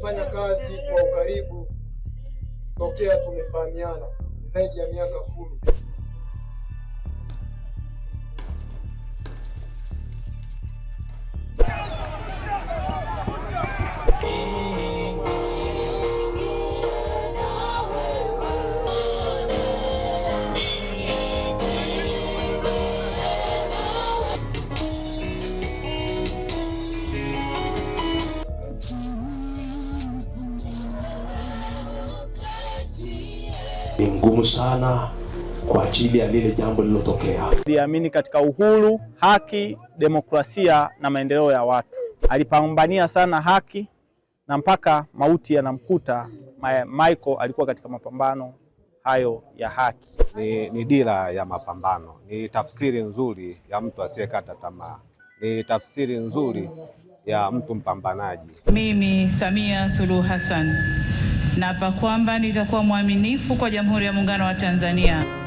tumefanya kazi kwa ukaribu tokea tumefahamiana zaidi ya miaka kumi. ni ngumu sana kwa ajili ya lile jambo lililotokea. Niamini katika uhuru, haki, demokrasia na maendeleo ya watu. Alipambania sana haki na mpaka mauti yanamkuta. Michael alikuwa katika mapambano hayo ya haki. Ni, ni dira ya mapambano, ni tafsiri nzuri ya mtu asiyekata tamaa, ni tafsiri nzuri ya mtu mpambanaji. Mimi Samia Suluhu Hassan Naapa kwamba nitakuwa mwaminifu kwa Jamhuri ya Muungano wa Tanzania.